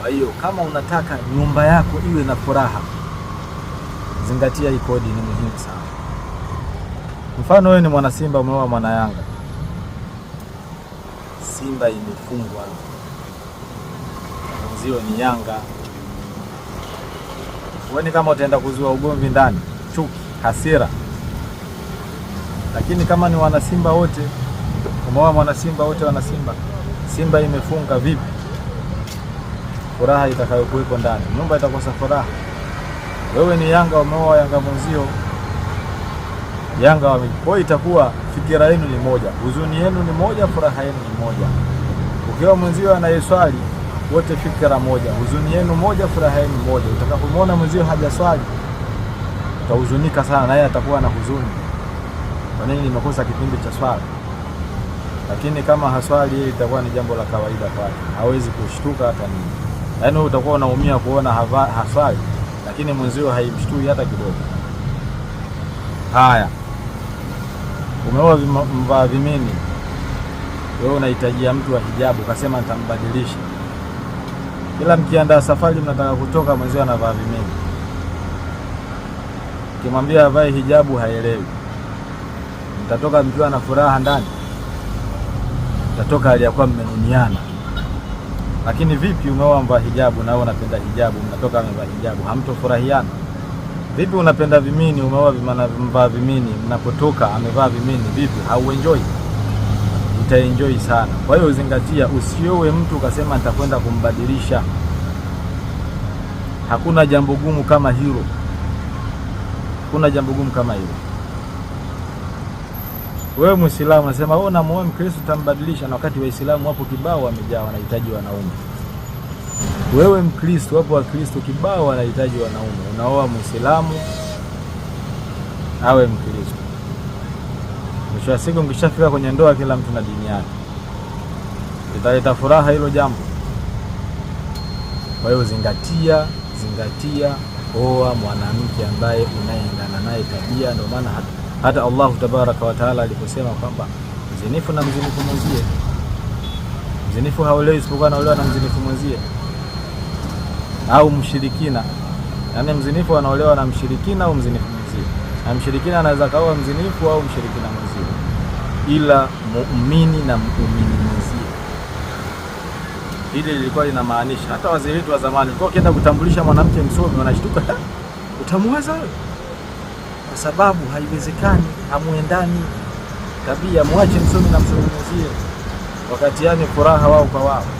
Kwa hiyo kama unataka nyumba yako iwe na furaha, zingatia hii kodi, ni muhimu sana. Mfano wewe ni mwana Simba, umeoa mwana Yanga, Simba imefungwa, mzio ni Yanga. Huoni kama utaenda kuzua ugomvi ndani, chuki, hasira? Lakini kama ni wana Simba wote, umeoa mwana Simba wote, wana Simba, Simba imefunga vipi? furaha itakayokuwepo ndani, nyumba itakosa furaha. Wewe ni Yanga, umeoa Yanga mwenzio, Yanga wa Kwa itakuwa fikira yenu ni moja, huzuni yenu ni moja, furaha yenu ni moja. Ukiwa mwenzio anayeswali, wote fikira moja, huzuni yenu moja, furaha yenu moja. Utakapomwona mwenzio hajaswali utahuzunika sana, naye atakuwa na huzuni, kwa nini nimekosa kipindi cha swala? Lakini kama haswali, itakuwa ni jambo la kawaida kwake, hawezi kushtuka hata nini yaani utakuwa unaumia kuona hafai, lakini mwenzio haimshtui hata kidogo. Haya, umeoa mvaa vimini, wewe unahitajia mtu wa hijabu, kasema nitambadilisha. Kila mkiandaa safari, mnataka kutoka, mwenzio anavaa vimini, kimwambia avae hijabu haelewi. Mtatoka mkiwa na furaha ndani, mtatoka aliyakuwa mmenuniana lakini vipi umeoa mvaa hijabu na wewe unapenda hijabu, mnatoka amevaa hijabu, hamtofurahiana? Vipi unapenda vimini, umeoa vimana mvaa vimini, mnapotoka amevaa vimini, vipi hauenjoi? Utaenjoi sana. Kwa hiyo uzingatia, usiowe mtu ukasema nitakwenda kumbadilisha. Hakuna jambo gumu kama hilo, hakuna jambo gumu kama hilo wewe Muislamu nasema wewe unamuoa Mkristo utambadilisha, na wakati Waislamu wapo kibao wamejaa, wanahitaji wanaume. Wewe Mkristo wapo Wakristo kibao wanahitaji wanaume, unaoa Muislamu awe Mkristo. Mwisho wa siku, mkishafika kwenye ndoa, kila mtu na dini yake, italeta furaha hilo jambo. Kwa hiyo zingatia, zingatia, oa mwanamke ambaye unayeendana naye tabia. Ndio maana hata Allahu tabaraka wa taala aliposema kwamba mzinifu na mzinifu mwenzie, mzinifu haolewi isipokuwa anaolewa na mzinifu mwenzie au mshirikina. Yani mzinifu anaolewa na mshirikina au mzinifu mwenzie, na mshirikina anaweza kaoa mzinifu au mshirikina mwenzie, ila muumini na muumini mwenzie. Hili lilikuwa linamaanisha hata wazee wetu wa zamani kwa kienda kutambulisha mwanamke msomi, wanashtuka utamwaza wewe kwa sababu haiwezekani, hamuendani kabia Mwache msomi na wakati yani furaha wao kwa wao.